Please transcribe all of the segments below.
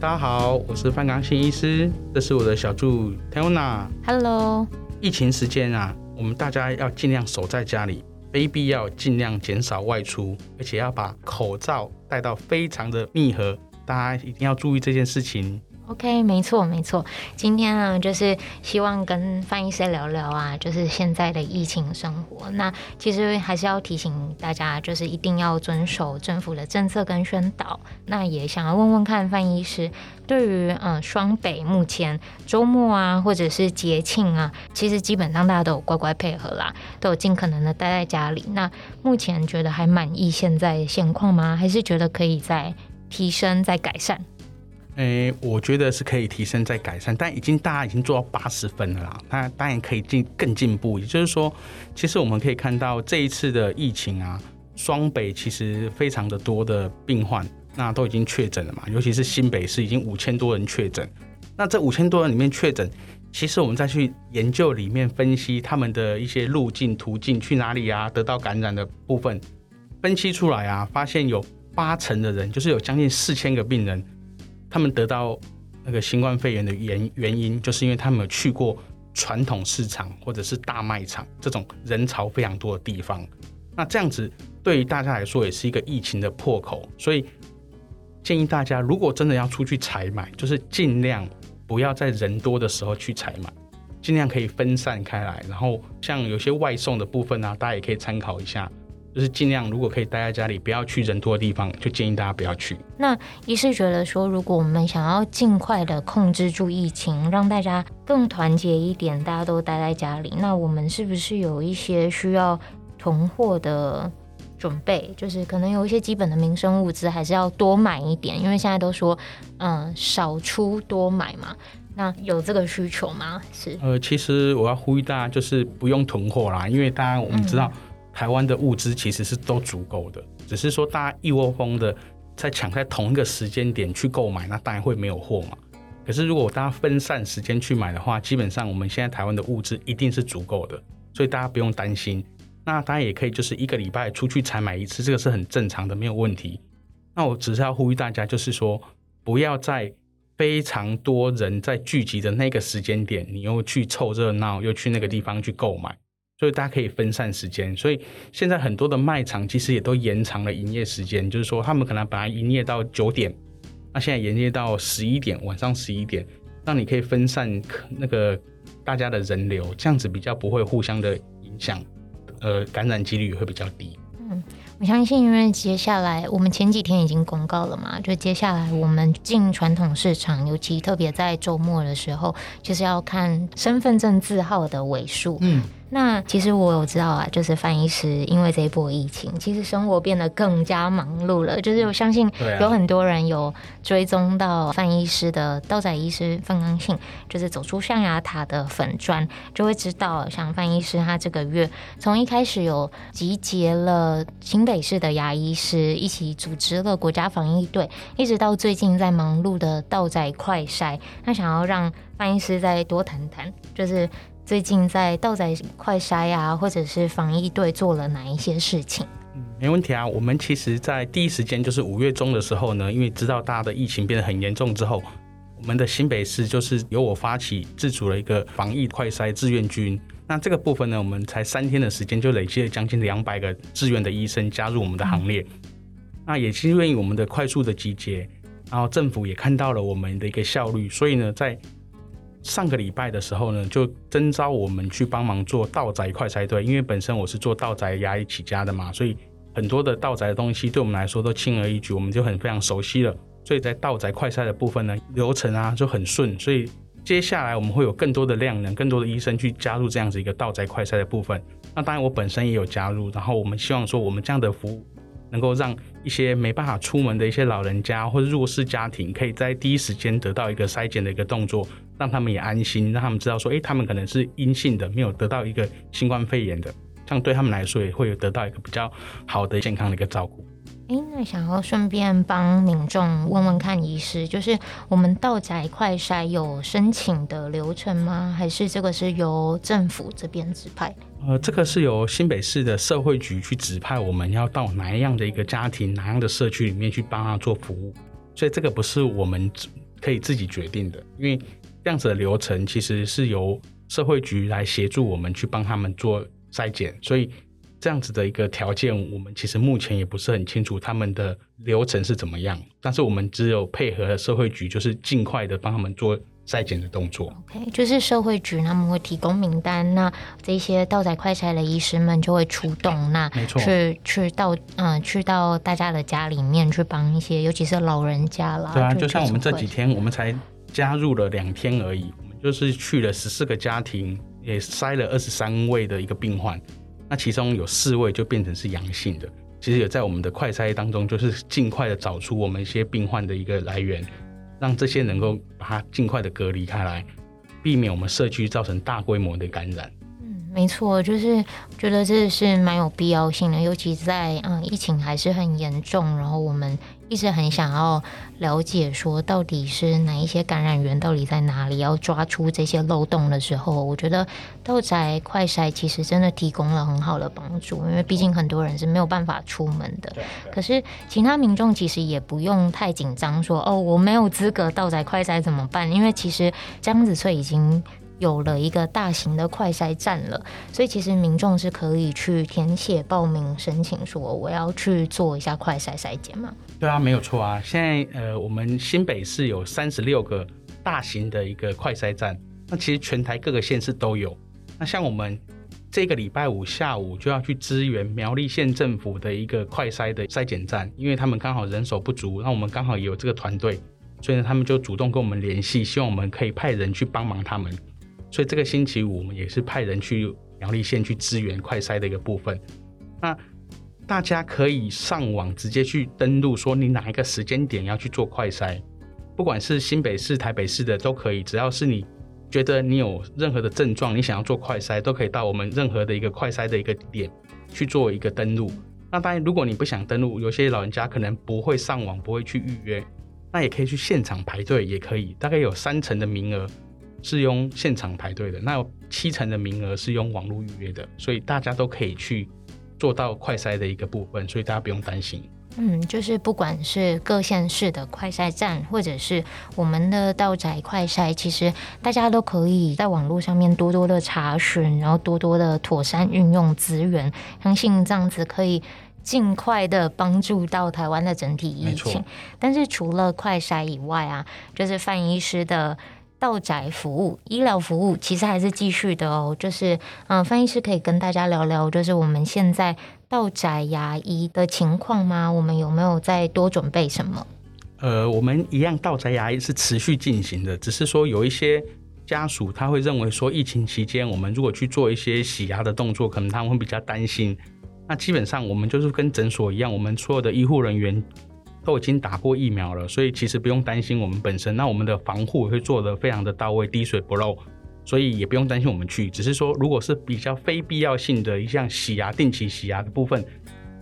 大家好，我是范綱信醫師，這是我的小助理 Tayna。Hello，疫情時間啊，我們大家要盡量守在家裡，非必要盡量減少外出，而且要把口罩戴到非常的密合，大家一定要注意這件事情。OK，沒錯沒錯。今天呢，就是希望跟范醫師聊聊啊，就是現在的疫情生活。那其實還是要提醒大家，就是一定要遵守政府的政策跟宣導。那也想要問問看范醫師，對於嗯，雙北目前周末啊，或者是節慶啊，其實基本上大家都有乖乖配合啦，都有盡可能的待在家裡。那目前覺得還滿意現在現況嗎？還是覺得可以再提升、再改善？誒、欸，我覺得是可以提升再改善，但已經大家已經做到八十分了啦，那當然可以進更進步。也就是說，其實我們可以看到這一次的疫情啊，雙北其實非常的多的病患，那都已經確診了嘛，尤其是新北市已經五千多人確診，那這五千多人裡面確診，其實我們再去研究裡面分析他們的一些路徑、途徑去哪裡啊，得到感染的部分分析出來啊，發現有八成的人，就是有將近四千個病人。他們得到那個新冠肺炎的原原因，就是因為他們有去過傳統市場或者是大賣場這種人潮非常多的地方。那這樣子對於大家來說也是一個疫情的破口，所以建議大家如果真的要出去採買，就是儘量不要在人多的時候去採買，儘量可以分散開來。然後像有些外送的部分呢、啊，大家也可以參考一下。就是盡量，如果可以待在家裡，不要去人多的地方，就建議大家不要去。那醫師覺得說，如果我們想要盡快的控制住疫情，讓大家更團結一點，大家都待在家裡，那我們是不是有一些需要囤貨的準備？就是可能有一些基本的民生物資，還是要多買一點，因為現在都說，嗯，少出多買嘛。那有這個需求嗎？是。呃，其實我要呼籲大家，就是不用囤貨啦，因為大家我們知道、嗯。台灣的物資其實是都足夠的，只是說大家一窩蜂的在搶，在同一個時間點去購買，那當然會沒有貨嘛。可是如果大家分散時間去買的話，基本上我們現在台灣的物資一定是足夠的，所以大家不用擔心。那大家也可以就是一個禮拜出去採買一次，這個是很正常的，沒有問題。那我只是要呼籲大家，就是說不要在非常多人在聚集的那個時間點，你又去湊熱鬧，又去那個地方去購買。所以大家可以分散時間，所以現在很多的賣場其實也都延長了營業時間，就是說他們可能本來營業到九點，那現在營業到十一點，晚上十一點，那你可以分散那個大家的人流，這樣子比較不會互相的影響，呃，感染幾率也會比較低。嗯，我相信因為接下來我們前幾天已經公告了嘛，就接下來我們進傳統市場，尤其特別在週末的時候，就是要看身份證字號的尾數。嗯。那其實我知道啊，就是范醫師，因為這一波疫情，其實生活變得更加忙碌了。就是我相信有很多人有追蹤到范醫師的到宅醫師范綱信，就是走出象牙塔的粉專，就會知道像范醫師，他這個月從一開始有集結了新北市的牙醫師一起組織了國家防疫隊，一直到最近在忙碌的到宅快篩，他想要讓范醫師再多談談，就是。最近在到宅快篩啊，或者是防疫隊做了哪一些事情？嗯，沒問題啊。我們其實，在第一時間就是五月中的時候呢，因為知道大家的疫情變得很嚴重之後，我們的新北市就是由我發起自主了一個防疫快篩志願軍。那這個部分呢，我們才三天的時間就累積了將近兩百個志願的醫生加入我們的行列。嗯、那也是因為我們的快速的集結，然後政府也看到了我們的一個效率，所以呢，在上個禮拜的時候呢，就徵召我們去幫忙做到宅快篩隊，因為本身我是做到宅牙醫起家的嘛，所以很多的到宅的東西對我們來說都輕而易舉，我們就很非常熟悉了。所以在到宅快篩的部分呢，流程啊就很順，所以接下來我們會有更多的量能，更多的醫生去加入這樣子一個到宅快篩的部分。那當然我本身也有加入，然後我們希望說我們這樣的服務能夠讓一些沒辦法出門的一些老人家或者弱勢家庭，可以在第一時間得到一個篩檢的一個動作，讓他們也安心，讓他們知道說，誒、欸，他們可能是陰性的，沒有得到一個新冠肺炎的，這樣對他們來說也會有得到一個比較好的健康的一個照顧。哎、欸，那想要順便幫民眾問問看，醫師，就是我們到宅快篩有申請的流程嗎？還是這個是由政府這邊指派？呃，這個是由新北市的社會局去指派，我們要到哪一樣的一個家庭，哪樣的社區裡面去幫他做服務，所以這個不是我們可以自己決定的，因為這樣子的流程其實是由社會局來協助我們去幫他們做篩檢，所以。這樣子的一個條件，我們其實目前也不是很清楚他們的流程是怎麼樣。但是我們只有配合社會局，就是盡快的幫他們做篩檢的動作。OK，就是社會局他們會提供名單，那這些到宅快篩的醫師們就會出動，那沒錯，去去到嗯、呃、去到大家的家裡面去幫一些，尤其是老人家啦。對啊，就，就像我們這幾天，會我們才加入了兩天而已，我們就是去了十四個家庭，也篩了二十三位的一個病患。那其中有四位就變成是陽性的，其實也在我們的快篩當中，就是盡快的找出我們一些病患的一個來源，讓這些能夠把它盡快的隔離開來，避免我們社區造成大規模的感染。沒錯，就是覺得這是蠻有必要性的，尤其在嗯，疫情還是很嚴重，然後我們一直很想要了解說到底是哪一些感染源到底在哪裡，要抓出這些漏洞的時候，我覺得到宅快篩其實真的提供了很好的幫助，因為畢竟很多人是沒有辦法出門的。可是其他民眾其實也不用太緊張說，說哦我沒有資格到宅快篩怎麼辦？因為其實江子翠已經。有了一個大型的快篩站了，所以其實民眾是可以去填寫報名申請，說我要去做一下快篩篩檢嗎？對啊，沒有錯啊。現在呃，我們新北市有三十六個大型的一個快篩站，那其實全台各個縣市都有。那像我們這個禮拜五下午就要去支援苗栗縣政府的一個快篩的篩檢站，因為他們剛好人手不足，那我們剛好也有這個團隊，所以呢，他們就主動跟我們聯繫，希望我們可以派人去幫忙他們。所以這個星期五，我們也是派人去苗栗縣去支援快篩的一個部分。那大家可以上網直接去登錄，說你哪一個時間點要去做快篩，不管是新北市、台北市的都可以，只要是你覺得你有任何的症狀，你想要做快篩，都可以到我們任何的一個快篩的一個點去做一個登錄。那當然，如果你不想登錄，有些老人家可能不會上網，不會去預約，那也可以去現場排隊，也可以，大概有三成的名額。是用現場排隊的，那七成的名額是用網絡預約的，所以大家都可以去做到快篩的一個部分，所以大家不用擔心。嗯，就是不管是各縣市的快篩站，或者是我們的到宅快篩，其實大家都可以在網絡上面多多的查詢，然後多多的妥善運用資源，相信這樣子可以盡快的幫助到台灣的整體疫情。沒錯。但是除了快篩以外啊，就是范醫師的。到宅服務、醫療服務其實還是繼續的哦。就是，嗯、呃，范醫師可以跟大家聊聊，就是我們現在到宅牙醫的情況嗎？我們有沒有再多準備什麼？呃，我們一樣到宅牙醫是持續進行的，只是說有一些家屬他會認為說疫情期間我們如果去做一些洗牙的動作，可能他們會比較擔心。那基本上我們就是跟診所一樣，我們所有的醫護人員。都已經打過疫苗了，所以其實不用擔心我們本身。那我們的防護會做得非常的到位，滴水不漏，所以也不用擔心我們去。只是說，如果是比較非必要性的一項洗牙、定期洗牙的部分，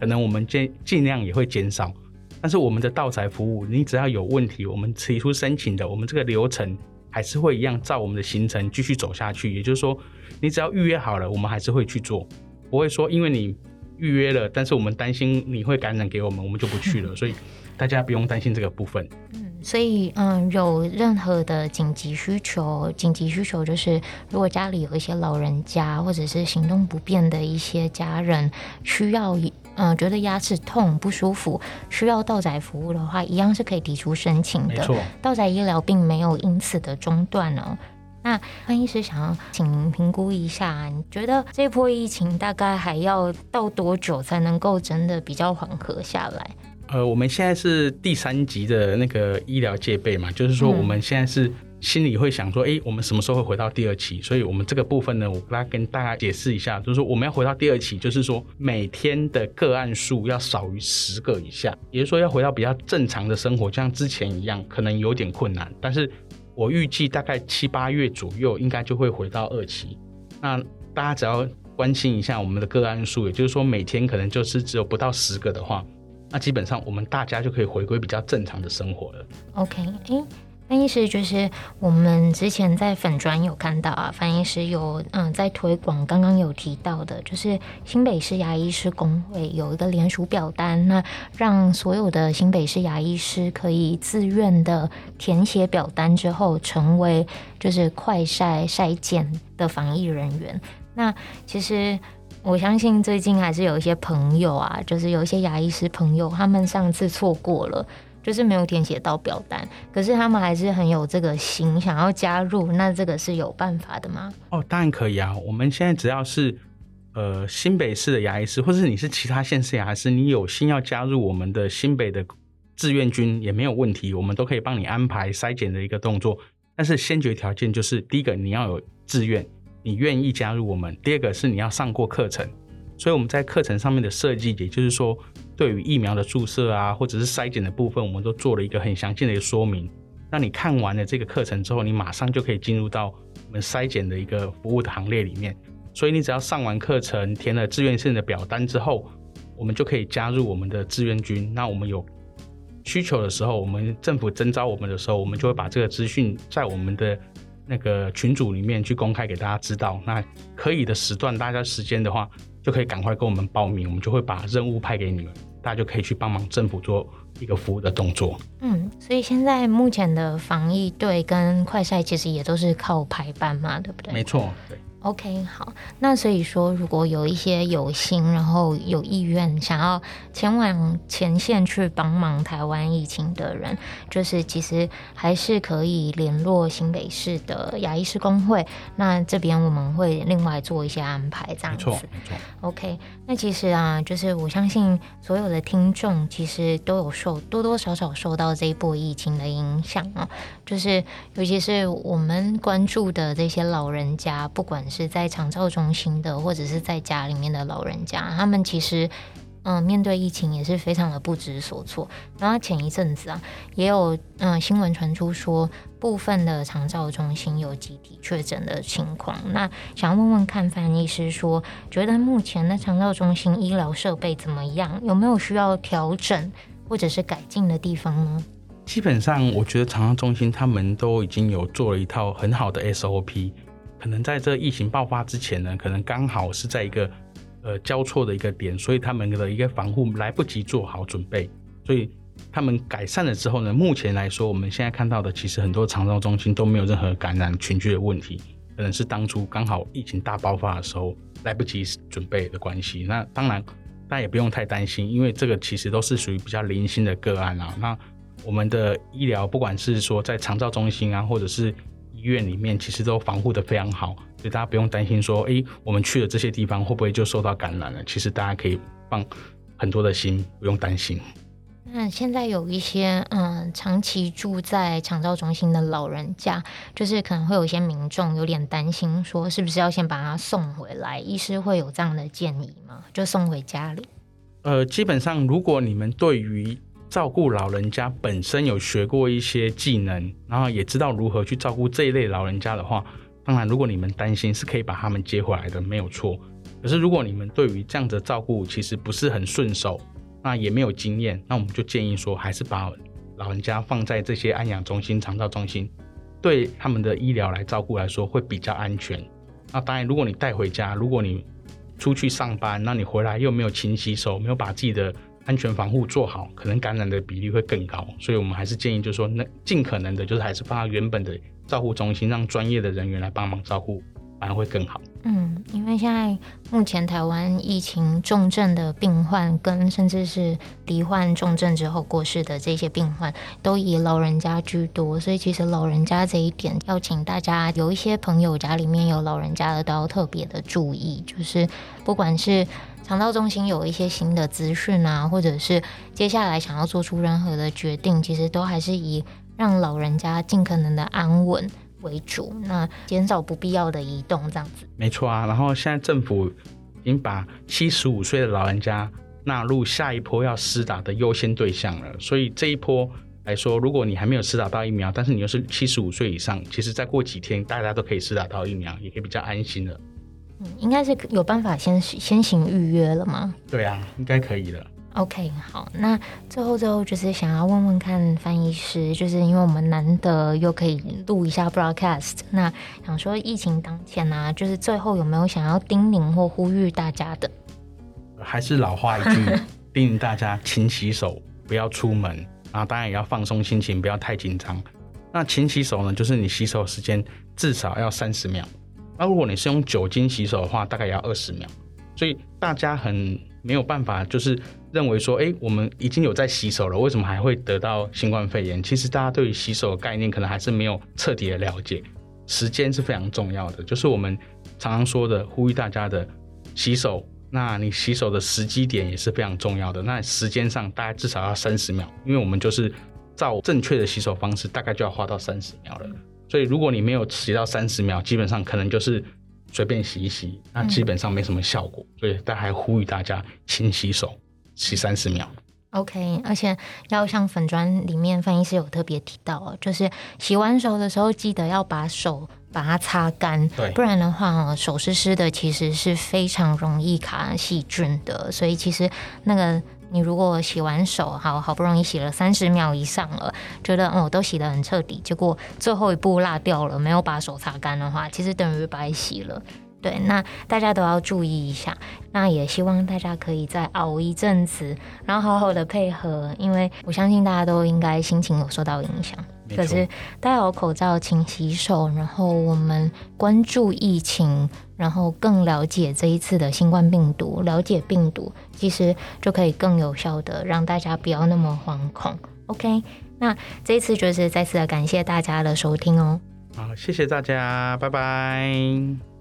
可能我們盡盡量也會減少。但是我們的到宅服務，你只要有問題，我們提出申請的，我們這個流程還是會一樣照我們的行程繼續走下去。也就是說，你只要預約好了，我們還是會去做，不會說因為你預約了，但是我們擔心你會感染給我們，我們就不去了。所以。大家不用擔心這個部分。嗯，所以嗯，有任何的緊急需求，緊急需求就是如果家裡有一些老人家或者是行動不便的一些家人需要，嗯，覺得牙齒痛不舒服，需要到宅服務的話，一樣是可以提出申請的。沒錯錯，到宅醫療並沒有因此的中斷哦、喔。那范醫師想要請您評估一下、啊，你覺得這波疫情大概還要到多久才能夠真的比較緩和下來？呃，我們現在是第三級的那個醫療戒備嘛，嗯、就是說我們現在是心裡會想說，哎、欸，我們什麼時候會回到第二期？所以我們這個部分呢，我來跟大，大家解釋一下，就是說我們要回到第二期，就是說每天的個案數要少於十個以下，也就是說要回到比較正常的生活，就像之前一樣，可能有點困難，但是我預計大概七八月左右應該就會回到二期。那大家只要關心一下我們的個案數，也就是說每天可能就是只有不到十個的話。那基本上我們大家就可以回歸比較正常的生活了。OK，哎，范醫師就是我們之前在粉專有看到啊，范醫師有嗯、呃、在推廣，剛剛有提到的，就是新北市牙醫師公會有一個聯署表單，那讓所有的新北市牙醫師可以自願的填寫表單之後，成為就是快篩篩檢的防疫人員。那其實。我相信最近還是有一些朋友啊，就是有一些牙醫師朋友，他們上次錯過了，就是沒有填寫到表單，可是他們還是很有這個心想要加入，那這個是有辦法的嗎？哦，當然可以啊。我們現在只要是呃新北市的牙醫師，或者是你是其他縣市牙醫師，你有心要加入我們的新北的志願軍也沒有問題，我們都可以幫你安排篩檢的一個動作。但是先決條件就是第一個你要有志願。你願意加入我們？第二個是你要上過課程，所以我們在課程上面的設計，也就是說，對於疫苗的注射啊，或者是篩檢的部分，我們都做了一個很詳盡的一個說明。那你看完了這個課程之後，你馬上就可以進入到我們篩檢的一個服務的行列裡面。所以你只要上完課程，填了志願性的表單之後，我們就可以加入我們的志願軍。那我們有需求的時候，我們政府徵召我們的時候，我們就會把這個資訊在我們的。那個群組裡面去公開給大家知道，那可以的時段大家時間的話，就可以趕快跟我們報名，我們就會把任務派給你們，大家就可以去幫忙政府做一個服務的動作。嗯，所以現在目前的防疫隊跟快篩其實也都是靠排班嘛，對不對？沒錯，對 OK，好，那所以說，如果有一些有心，然後有意願想要前往前線去幫忙台灣疫情的人，就是其實還是可以聯絡新北市的牙醫師工會，那這邊我們會另外做一些安排，這樣子。OK，那其實啊，就是我相信所有的聽眾其實都有受，多多少少受到這一波疫情的影響啊，就是尤其是我們關注的這些老人家，不管，是在長照中心的，或者是在家裡面的老人家，他們其實嗯、呃，面對疫情也是非常的不知所措。然後前一陣子啊，也有嗯、呃、新聞傳出說，部分的長照中心有集體確診的情況。那想問問看范醫師說，說覺得目前的長照中心醫療設備怎麼樣，有沒有需要調整或者是改進的地方呢？基本上，我覺得長照中心他們都已經有做了一套很好的 SOP。可能在這疫情爆發之前呢，可能剛好是在一個呃交錯的一個點，所以他們的一個防護來不及做好準備，所以他們改善了之後呢，目前來說我們現在看到的，其實很多長照中心都沒有任何感染群聚的問題，可能是當初剛好疫情大爆發的時候來不及準備的關係。那當然大家也不用太擔心，因為這個其實都是屬於比較零星的個案啊。那我們的醫療，不管是說在長照中心啊，或者是醫院裡面其實都防護的非常好，所以大家不用擔心說，哎、欸，我們去了這些地方會不會就受到感染了？其實大家可以放很多的心，不用擔心。那現在有一些嗯、呃，長期住在長照中心的老人家，就是可能會有一些民眾有點擔心，說是不是要先把他送回來？醫師會有這樣的建議嗎？就送回家裡？呃，基本上如果你們對於照顧老人家本身有學過一些技能，然後也知道如何去照顧這一類老人家的話，當然，如果你們擔心是可以把他們接回來的，沒有錯。可是，如果你們對於這樣子的照顧其實不是很順手，那也沒有經驗，那我們就建議說，還是把老人家放在這些安養中心、長照中心，對他們的醫療來照顧來說會比較安全。那當然，如果你帶回家，如果你出去上班，那你回來又沒有勤洗手，沒有把自己的安全防護做好，可能感染的比例會更高，所以我們還是建議，就是說，那盡可能的，就是還是放到原本的照護中心，讓專業的人員來幫忙照護，反而會更好。嗯，因為現在目前台灣疫情重症的病患，跟甚至是罹患重症之後過世的這些病患，都以老人家居多，所以其實老人家這一點，要請大家有一些朋友家裡面有老人家的，都要特別的注意，就是不管是腸道中心有一些新的資訊啊，或者是接下來想要做出任何的決定，其實都還是以讓老人家盡可能的安穩。為主，那減少不必要的移動，這樣子。沒錯啊。然後現在政府已經把七十五歲的老人家納入下一波要施打的優先對象了，所以這一波來說，如果你還沒有施打到疫苗，但是你又是七十五歲以上，其實再過幾天，大家都可以施打到疫苗，也可以比較安心了。嗯，應該是有辦法先先行預約了嗎？對啊，應該可以了。OK，好，那最後最後就是想要問問看范醫師，就是因為我們難得又可以錄一下 broadcast，那想說疫情當前呢、啊，就是最後有沒有想要叮嚀或呼籲大家的？還是老話一句， 叮嚀大家勤洗手，不要出門啊！然當然也要放鬆心情，不要太緊張。那勤洗手呢，就是你洗手時間至少要三十秒，那如果你是用酒精洗手的話，大概也要二十秒。所以大家很沒有辦法，就是。認為說，誒、欸，我們已經有在洗手了，為什麼還會得到新冠肺炎？其實大家對於洗手的概念可能還是沒有徹底的了解。時間是非常重要的，就是我們常常說的呼籲大家的洗手，那你洗手的時機點也是非常重要的。那時間上大概至少要三十秒，因為我們就是照正確的洗手方式，大概就要花到三十秒了。嗯、所以如果你沒有洗到三十秒，基本上可能就是隨便洗一洗，那基本上沒什麼效果。所以大家還呼籲大家勤洗手。洗三十秒，OK，而且要像粉磚裡面范醫師有特別提到哦，就是洗完手的時候，記得要把手把它擦乾。對不然的話，手濕濕的，其實是非常容易卡細菌的。所以其實那個你如果洗完手，好好不容易洗了三十秒以上了，覺得哦、嗯、都洗得很徹底，結果最後一步落掉了，沒有把手擦乾的話，其實等於白洗了。對，那大家都要注意一下。那也希望大家可以再熬一陣子，然後好好的配合，因為我相信大家都應該心情有受到影響。沒錯。可是戴好口罩，勤洗手，然後我們關注疫情，然後更了解這一次的新冠病毒，了解病毒，其實就可以更有效的讓大家不要那麼惶恐。OK，那這一次就是再次的感謝大家的收聽哦。好，謝謝大家，拜拜。